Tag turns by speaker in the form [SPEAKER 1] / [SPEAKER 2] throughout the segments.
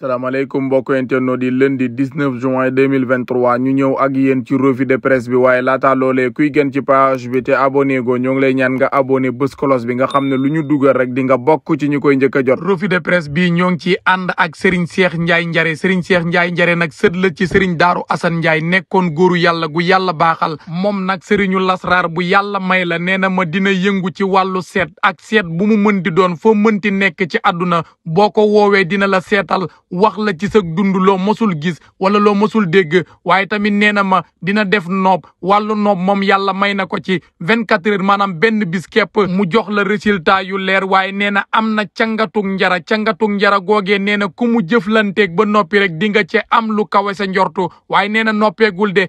[SPEAKER 1] salaamaaleykum mbokk internet di lundi 19 juin 2023 ñu ñëw ak yéen ci revue de presse bi waaye laata loolee kuy gën ci page bi te abonné go ñoo ngi lay ñaan nga abonné bés bi nga xam ne lu ñu dugal rek di nga bokk ci ñu koy njëkk a jot revue de presse bi ñoo ngi ci ànd ak Serigne Cheikh Ndiaye Njare Serigne Cheikh Ndiaye Njare nag sët la ci Serigne Daaru Assane Ndiaye nekkoon góoru yàlla gu yàlla baaxal moom nag Serigne Lasrar bu yàlla may la nee na ma dina yëngu ci wàllu seet ak seet bu mu mën di doon foo mënti nekk ci àdduna boo ko woowee dina la seetal wax la ci sa dund loo mosul gis wala loo mosul dégg waaye tamit nee na ma dina def noob wàllu noob moom yàlla may na ko ci vingt quatre heures maanaam benn bis képp mu jox la résultat yu leer waaye nee na am na cangatug njara cangatug njara googee nee na ku mu jëflanteeg ba noppi rek di nga ci am lu kawe sa njortu waaye nee na noppeegul de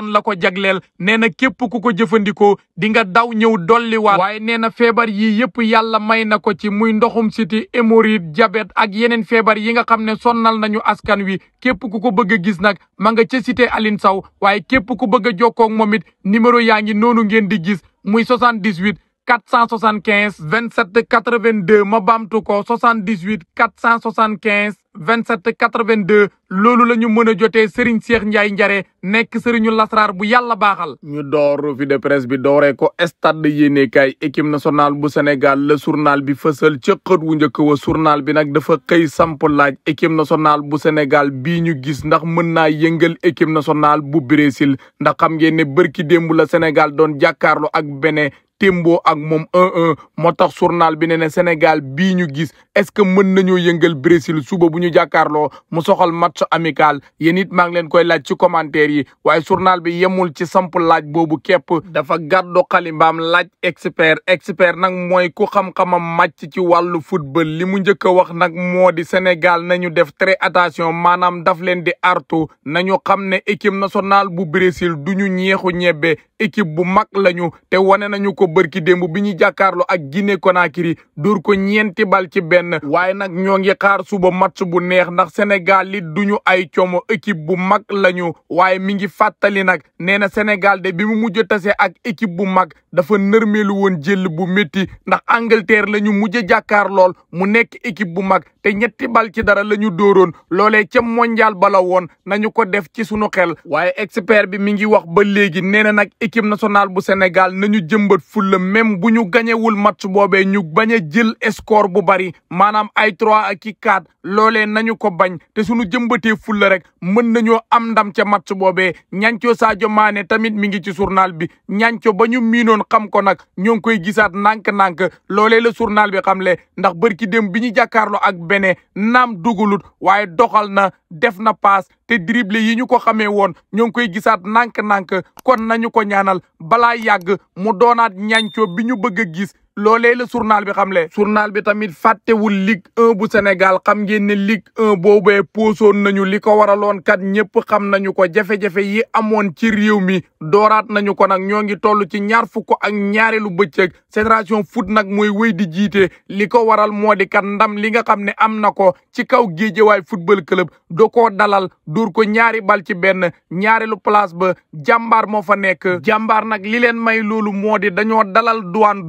[SPEAKER 1] fan la ko jagleel nee na képp ku ko jëfandikoo di nga daw ñëw dolliwaat waaye nee na feebar yi yëpp yàlla may na ko ci muy ndoxum siti hémorroïde jabet ak yeneen feebar yi nga xam ne sonnal nañu askan wi képp ku ko bëgg gis nag ma nga ca cité Aline saw waaye képp ku bëgg a jokkoo moom it numéro yaa ngi noonu ngeen di gis muy 78 475 27 82 ma baamtu ko 78 475 27 82 loolu la ñu mën a jotee Serigne Cheikh Ndiaye Njare nekk Serigne Lasraar bu yàlla baaxal. ñu door revue de presse bi dooree ko stade yéenekaay équipe national bu Sénégal la journal bi fësal ca xët wu njëkk wa sournal bi nag dafa xëy samp laaj équipe nationale bu Sénégal bii ñu gis ndax mën naa yëngal équipe national bu Brésil ndax xam ngeen ne bërki démb la Sénégal doon jàkkaarloo ak Bénin témboo ak moom 1-1 moo tax journal bi ne ne Sénégal bii ñu gis est-ce que mën nañoo yëngal Brésil suba bu ñu jàkkaarloo mu soxal match amical yéen it maa ngi leen koy laaj ci commentaire yi waaye journal bi yemul ci samp laaj boobu képp dafa gàddu xalimbaam laaj expert expert nag mooy ku xam-xamam màcc ci wàllu football li mu njëkk a wax nag moo di Sénégal nañu def très attention maanaam daf leen di artu nañu xam ne équipe nationale bu Brésil du ñu ñeexu ñebbe équipe bu mag lañu bërki démb bi ñu jàkkaarloo ak Guinée Conakry dóor ko ñeenti bal ci benn waaye nag ñoo ngi xaar suba match bu neex ndax Sénégal li duñu ay como équipe bu mag lañu waaye mi ngi fàttali nag nee na Sénégal de bi mu mujj tase ak équipe bu mag dafa nërmeelu woon jël bu métti ndax Angleterre la ñu mujj jàkkaar lool mu nekk équipe bu mag te ñetti bal ci dara lañu ñu dóoroon loolee ca mondial bala woon nañu ko def ci sunu xel waaye expert bi mi ngi wax ba léegi nee na nag équipe nationale bu Sénégal nañu jëmbat fulla même bu ñu gañewul match boobee ñu bañ a jël score bu bari maanaam ay trois ak i quatre loolee nañu ko bañ te suñu jëmbatee fulla rek mën nañoo am ndam ca match boobee ñanco Sadio Mané tamit mi ngi ci journal bi ñanco ba ñu miinoon xam ko nag ñoo ngi koy gisaat nànk-nànk loolee la journal bi xam le ndax bërki dem bi ñu jàkkaarloo ak bene naam dugalut waaye doxal na def na paas te dribble yi ñu ko xamee woon ñoo ngi koy gisaat nànk-nànk kon nañu ko ñaanal balaa yàgg mu doonaat ñancoo bi ñu bëgg a gis loolee la journal bi xamle journal bi tamit fàttewul Ligue 1 bu Sénégal xam ngeen ne Ligue 1 boobee poosoon nañu li ko waraloon kat ñëpp xam nañu ko jafe-jafe yi amoon ci réew mi dooraat nañu ko nag ñoo ngi toll ci ñaar fukk ak ñaareelu bëccëg Génération Foot nag mooy wéy di jiite li ko waral moo di kat ndam li nga xam ne am na ko ci kaw Guédiawaye Football Club do ko dalal dóor ko ñaari bal ci benn ñaareelu place ba jàmbaar moo fa nekk jàmbaar nag li leen may loolu moo di dañoo dalal duwaan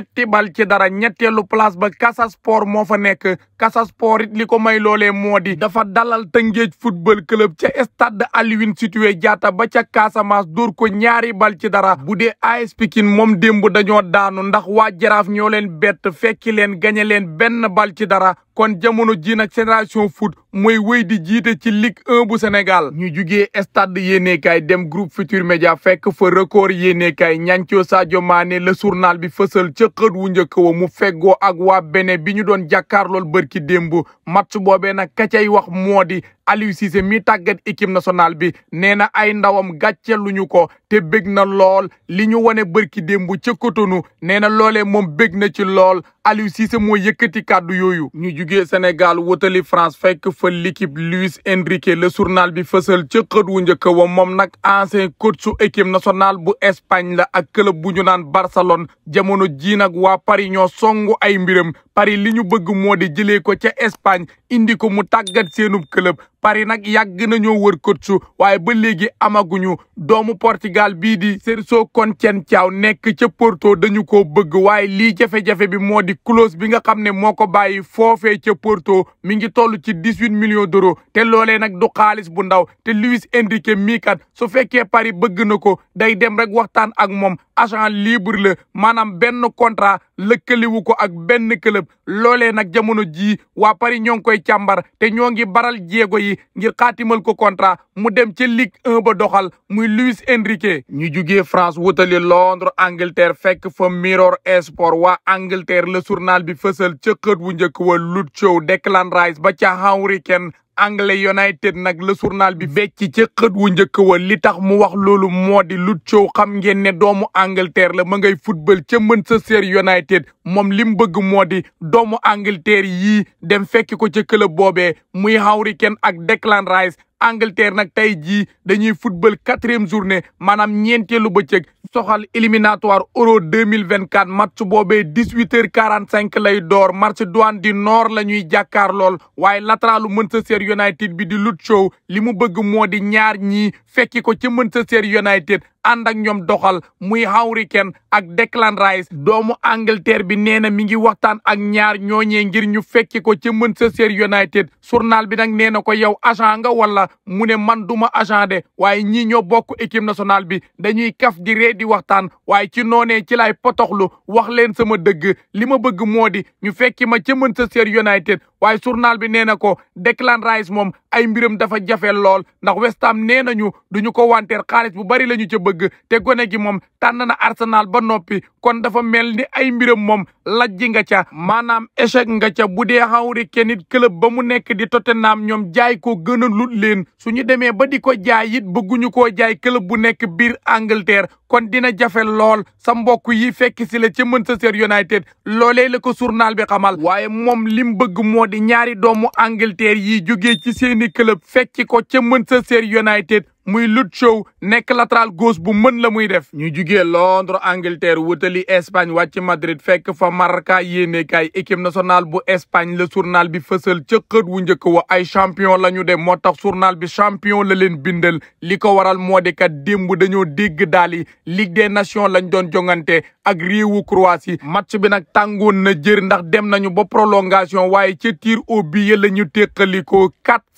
[SPEAKER 1] ñetti bal ci dara ñetteelu place ba Casa Sport moo fa nekk Casa Sport it li ko may loolee moo di dafa dalal ta Tëngéej football club ca stade Aline Sitoé Diatta ba ca Casamance dóor ko ñaari bal ci dara bu dee AS Pikine moom démb dañoo daanu ndax waa Jaraaf ñoo leen bett fekki leen gañe leen benn ball ci dara kon jamono ji nag génération foot mooy wéy di jiite ci lig 1 bu Sénégal ñu jugee stade yéenekaay dem groupe Futur Média fekk fa record yéenekaay ñancoo Sadio Mané le journal bi fësal ca xët wu njëkk mu feggoo ak waa Bénin bi ñu doon jàkkaarlool bërki démb match boobee nag ka cay wax moo di Aliou Cissé mi tàggat équipe nationale bi nee na ay ndawam gàcce luñu ko te bég na lool li ñu wane bërki démb ca Cotonou nee na loolee moom bég na ci lool Aliou Cissé moo yëkkati kàddu yooyu ñu jugee Sénégal wutali France fekk fa l'équipe Luis Enrique le journal bi fësal ca xët wu njëkk wa moom nag ancien coach su équipe nationale bu Espagne la ak club bu ñu naan Barcelone jamono jii nag waa Paris ñoo songu ay mbiram Paris li ñu bëgg moo di jëlee ko ca Espagne indi ko mu tàggat seenub club Paris nag yàgg nañoo wër coach waaye ba léegi amaguñu doomu Portugal bii di soo kon Sérgio Conceição nekk ca Porto dañu ko bëgg waaye lii jafe-jafe bi moo di clause bi nga xam ne moo ko bàyyi foofee ca Porto mi ngi toll ci dix-huit millions d'euros te loolee nag du xaalis bu ndaw te Luis Enrique mii kat su fekkee Paris bëgg na ko day dem rek waxtaan ak moom agent libre la maanaam benn contrat lëkkaliwu ko ak benn club loolee nag jamono jii waa Paris ñoo ngi koy càmbar te ñoo ngi baral jéego yi ngir xaatimal ko contrat mu dem ca Ligue ba doxal muy Luis Enrique. ñu jugee France wutali Londres Angleterre fekk fa Mirror Sport waa Angleterre la journal bi fësal ca xët wu njëkk wa Luke Shaw Declan Rice ba ca Harry Kane anglais United nag le journal bi fecc ci xët wu njëkk wa li tax mu wax loolu moo di Luke Shaw xam ngeen ne doomu Angleterre la ma ngay football ca Manchester United moom li mu bëgg moo di doomu Angleterre yii dem fekki ko ca club boobee muy Harry Kane ak Declan Rice Angleterre nag tey jii dañuy football quatrième journée maanaam ñeenteelu bëccëg soxal éliminatoire euro deux mille vingt quatre match boobee dix huit heures cinq lay door match du Nord la ñuy jàkkaar lool waaye latéralu Manchester United bi di Luke Shaw li mu bëgg moo di ñaar ñi fekki ko ci Manchester United. ànd ak ñoom doxal muy Hawriken ak Declan Rice doomu Angleterre bi nee na mi ngi waxtaan ak ñaar ñooñee ngir ñu fekki ko ci Manchester United journal bi nag nee na ko yow agent nga wala mu ne man du ma agent de waaye ñi ñoo bokk équipe national bi dañuy kaf di ree di waxtaan waaye ci noonee ci lay potoxlu wax leen sama dëgg li ma bëgg moo di ñu fekki ma ci Manchester United waaye journal bi nee na ko Declan Rice moom ay mbiram dafa jafe lool ndax West Ham nee nañu duñu ko wanteer xaalis bu bari la ñu ca bëgg te gone gi moom tànn na Arsenal ba noppi kon dafa mel ni ay mbiram moom lajji nga ca maanaam échec nga ca bu dee Harry Kane it club ba mu nekk di Tottenham ñoom jaay ko gën a leen su ñu demee ba di ko jaay it bëgguñu koo jaay club bu nekk biir Angleterre kon dina jafe lool sa mbokk yi fekk si la ca Manchester United loolee la ko journal bi xamal waaye moom lim bëgg moo di ñaari doomu Angleterre yi jógee ci seeni club fekki ko ca Manchester United muy Luke Shaw nekk latéral gos bu mën la muy def ñu jugee Londres Angleterre wutali Espagne wàcc Madrid fekk fa Marca yéenekaay équipe national bu Espagne la surnal bi fësal ca wu njëkk wa ay champion la ñu dem moo tax surnal bi champion la leen bindal li ko waral moo de kat démb dañoo dégg daal di Ligue des Nations lañ doon jongante ak réewu Croatie match bi nag tàngoon na jër ndax dem nañu ba prolongation waaye ca tir au but la ñu téqalikoo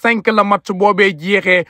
[SPEAKER 1] 4-5 la matc boobee jeexee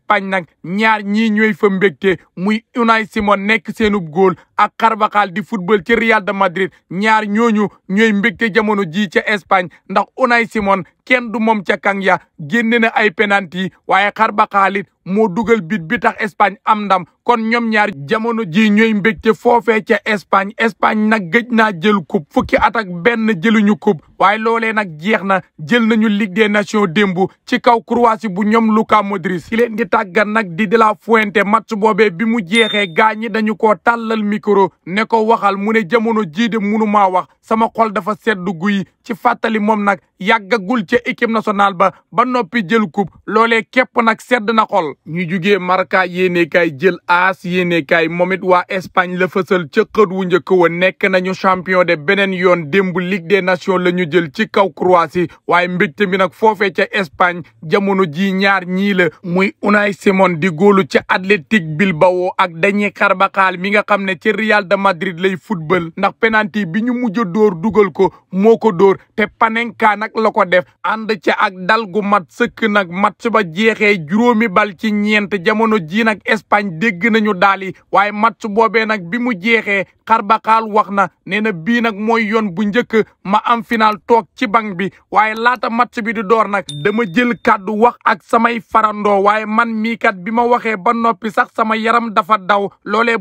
[SPEAKER 1] Espagne nag ñaar ñii ñooy fa mbégte muy si Simon nekk seenub góol ak Carvajal di football ci Real de Madrid ñaar ñooñu ñooy mbégte jamono ji ca Espagne ndax Unai Simon kenn du moom ca kang ya génne na ay penalti waaye Carvajal it moo dugal bit bi tax Espagne am ndam kon ñoom ñaar jamono ji ñooy mbégte foofee ca Espagne Espagne nag gëj naa jël coupe fukki at ak benn jëluñu coupe waaye loolee nag jeex na jël nañu Ligue des Nations démb ci kaw Croatie bu ñoom Luka Modric ki leen di tàggat nag di De La Fuente match boobee bi mu jeexee gaañ ñi dañu koo tàllal micro ne ko waxal mu ne jamono jii de munu ma wax sama xol dafa seddu guy ci fàttali moom nag yàggagul ca équipe nationale ba ba noppi jël coupe loole képp nag sedd na xol. ñu jugee Marca yéenekaay jël AS yéenekaay moom it waa Espagne la fësal ca xët wu njëkk wa nekk nañu champion de beneen yoon démb Ligue des Nations la ñu jël ci kaw Croatie waaye mbégte bi nag foofee ca Espagne jamono ji ñaar ñii la muy Unai Simon di góolu ca Athletic Bilbao ak Dani Carvajal mi xam Real de Madrid lay football ndax penalty bi ñu mujj dóor dugal ko moo ko door te Panenka nag la ko def ànd ca ak dal gu mat sëkk nag match ba jeexee juróomi bal ci ñeent jamono ji nag Espagne dégg nañu daal yi waaye match boobee nag bi mu jeexee xarbaxaal wax na nee na bii nag mooy yoon bu njëkk ma am final toog ci bank bi waaye laata match bi di door nag dama jël kàddu wax ak samay farandoo waaye man mii kat bi ma waxee ba noppi sax sama yaram dafa daw loolee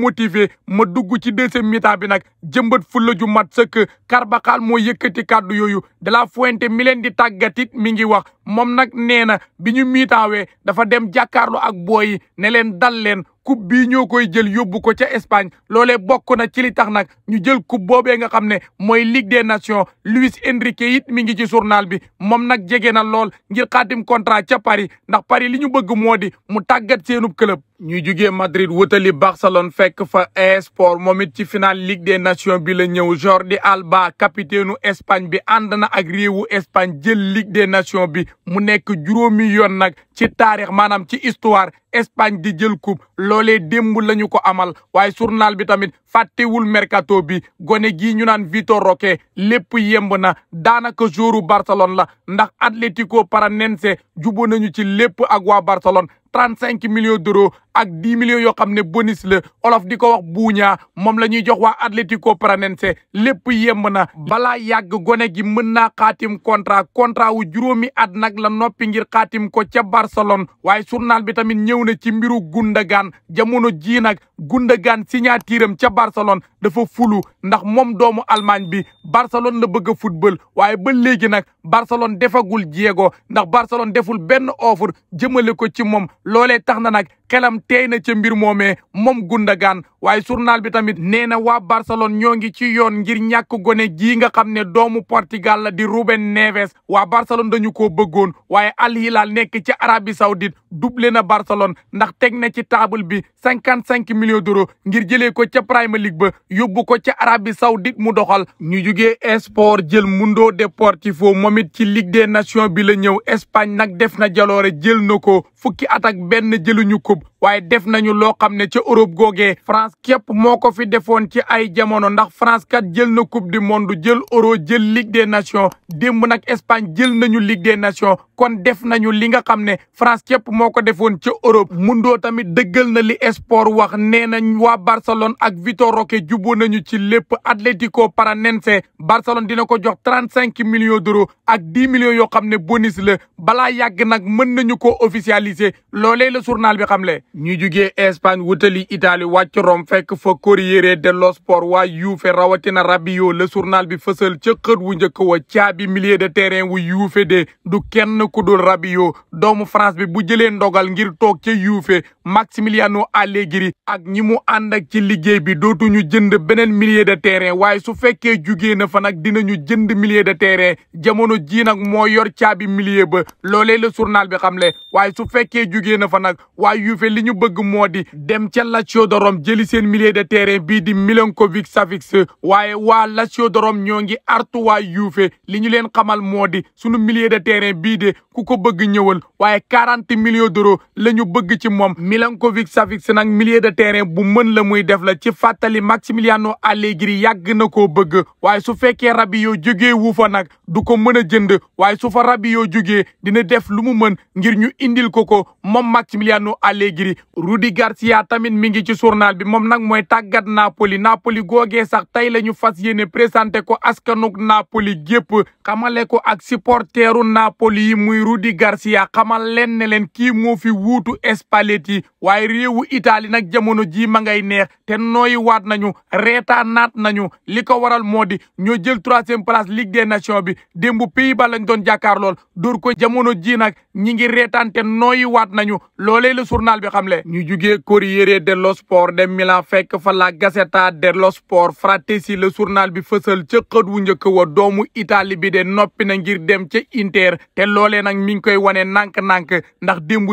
[SPEAKER 1] motivé ma dugg ci deuxième mi bi nag jëmbat fulla ju mat sëkk Carvajal moo yëkkati kàddu yooyu De la Fuente mi leen di tàggatit mi ngi wax moom nag nee na bi ñu miitaawee dafa dem jàkkaarloo ak boyi yi ne leen dal leen coupe bii ñoo koy jël yóbbu ko ca Espagne loolee bokk na ci li tax nag ñu jël coupe boobee nga xam ne mooy Ligue des Nations Luis Enrique it mi ngi ci journal bi moom nag jege na lool ngir xaatim contrat ca Paris ndax Paris li ñu bëgg moo di mu tàggat seenub club ñu jugee Madrid wutali Barcelone fekk fa esport moom it ci final Ligue des Nations bi la ñëw Jordi Alba capitaine Espagne bi ànd na ak Espagne jël Ligue des Nations bi mu nekk juróomi yoon nag ci taarix maanaam ci histoire Espagne di jël coupe loole démb la ko amal waaye journal bi tamit fàttewul mercato bi gone gii ñu naan Vitor Roque lépp yemb na daanaka jooru Barcelone la ndax Atlético Paranense jubo nañu ci lépp ak waa Barcelone trente cinq millions d'euros ak dix millions yoo xam ne bonus la olof di ko wax buuñaa moom la ñuy jox waa Atlético Paranense lépp yemb na balaa yàgg gone gi mën naa xaatim contrat contrat wu juróomi at nag la noppi ngir xaatim ko ca Barcelone waaye journal bi tamit ñëw na ci mbiru gan jamono ji nag Gundogan signature am ca Barcelone defa fulu ndax moom doomu Allemagne bi Barcelone la bëgg a football waaye ba léegi nag Barcelone defagul jéego ndax Barcelone deful benn offre jëmale ko ci moom loole tax na nag xelam tey na ca mbir moomee moom Gundogan waaye journal bi tamit nee na waa Barcelone ñoo ngi ci yoon ngir ñàkk gone gii nga xam ne doomu Portugal la di Ruben Neves waa Barcelone dañu ko bëggoon waaye Al Hilal nekk ci Arabie Saoudite doublé na Barcelone ndax teg na ci table bi cinquante cinq millions d'euros ngir jëlee ko ca Premier League ba yóbbu ko ca Arabie Saoudite mu doxal ñu juge Esport jël Mundo Deportivo moom it ci Ligue des Nations bi la ñëw Espagne nag def na jaloore jël na ko fukki at nag benn jëluñu coupe waaye def nañu loo xam ne ca Europe googee France képp moo ko fi defoon ci ay jamono ndax France kat jël na coupe du monde jël euro jël ligue des nations démb nag Espagne jël nañu ligue des nations kon def nañu li nga xam ne France képp moo ko defoon ca Europe. Mundo tamit dëggal na li sport wax nee nañ waa Barcelone ak Vitor Roque juboo nañu ci lépp Atlético Paranense Barcelone dina ko jox trente cinq millions d'euros ak dix millions yoo xam ne bonus la balaa yàgg nag mën nañu ko officialiser. loolee la journal bi xamle ñu jugee Espagne wutali Italie wàcc Rome fekk fa Corriere dello Sport waa Juve rawatina Rabiot la journal bi fësal ca xët wu njëkk wa caabi millier de terrain wu Juve de du kenn ku dul rabiyo doomu France bi bu jëlee ndogal ngir toog ca Juve Maximiliano Allegri ak ñi mu ànd ak ci liggéey bi dootuñu jënd beneen millier de terrain waaye su fekkee jugee na fa nag dinañu jënd millier de terrain jamono jii nag moo yor caabi millier ba loole la journal bi xamle waaye su fekkee jugee na fa nag waaye Juve li ñu bëgg moo di dem ca Lazio doroom Rome jëli seen millier de terrain bii di million Milinkovic Savic waaye waa Lazio doroom ñoo ngi artu waa Juve li ñu leen xamal moo di sunu millier de terrain bii de ku ko bëgg ñëwal waaye quarante millions d'euros la ñu bëgg ci moom Milankovic Savic nag milieu de terrain bu mën la muy def la ci fàttali Maximiliano Allegri yàgg na koo bëgg waaye su fekkee Rabiot jógee wu fa nag du ko mën a jënd waaye su fa Rabiot jógee dina def lu mu mën ngir ñu indil ko ko moom Maximiliano Allegri Rudi Garcia tamit mi ngi ci journal bi moom nag mooy tàggat Napoli Napoli googee sax tey la ñu fas yéene présenté ko askanug Napoli gépp xamale ko ak supporteru Napoli yi muy Rudi Garcia xamal leen ne leen kii moo fi wuutu Spalletti waaye réewu Italie nag jamono jii ma ngay neex te nooyi waat nañu reetaan naat nañu li ko waral moo di ñoo jël troisième place Ligue des Nations bi démb pays ba lañ doon jàkkaar lool ko jamono ji nag ñi ngi reetaan te nooyi waat nañu loolee la journal bi xam le ñu jugee Corriere dello Sport dem Milan fekk fa la Gazzetta dello Sport Frattesi le journal bi fësal ca xët wu njëkk wa doomu itali bi de noppi na ngir dem ca Inter te loolee nag mi ngi koy wane nànk-nànk ndax démb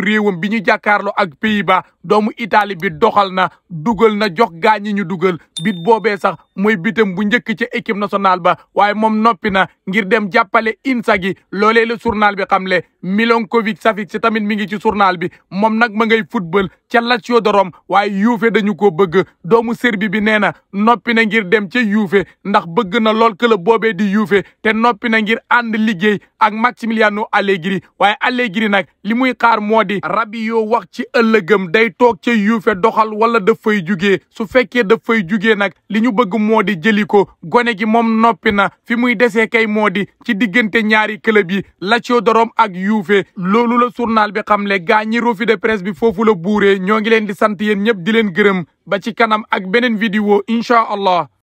[SPEAKER 1] Saliba doomu Italie bi doxal na dugal na jox gaa ñi ñu dugal bit boobee sax mooy bitam bu njëkk ca équipe nationale ba waaye moom noppi na ngir dem jàppale Inzaghi loole le journal bi xam le xamle Milinkovic Savic tamit mi ngi ci journal bi moom nag ma ngay football ca Lazio de Rome waaye Juve dañu ko bëgg doomu Serbie bi nee na noppi na ngir dem ca Juve ndax bëgg na lool club boobee di Juve te noppi na ngir ànd liggéey ak Maximiliano Allegri waaye Allegri néegam day toog ca yuufe doxal wala daf fay jugee su fekkee daf fay jugee nag li ñu bëgg moo di jëli ko gone gi moom noppi na fi muy desee kay moo di ci diggante ñaari club yi Lazio de Rome ak Juve loolu la journal bi xamle gaa ñi revue de presse bi foofu la buuree ñoo ngi leen di sant yéen ñëpp di leen gërëm ba ci kanam ak beneen vidéo incha allah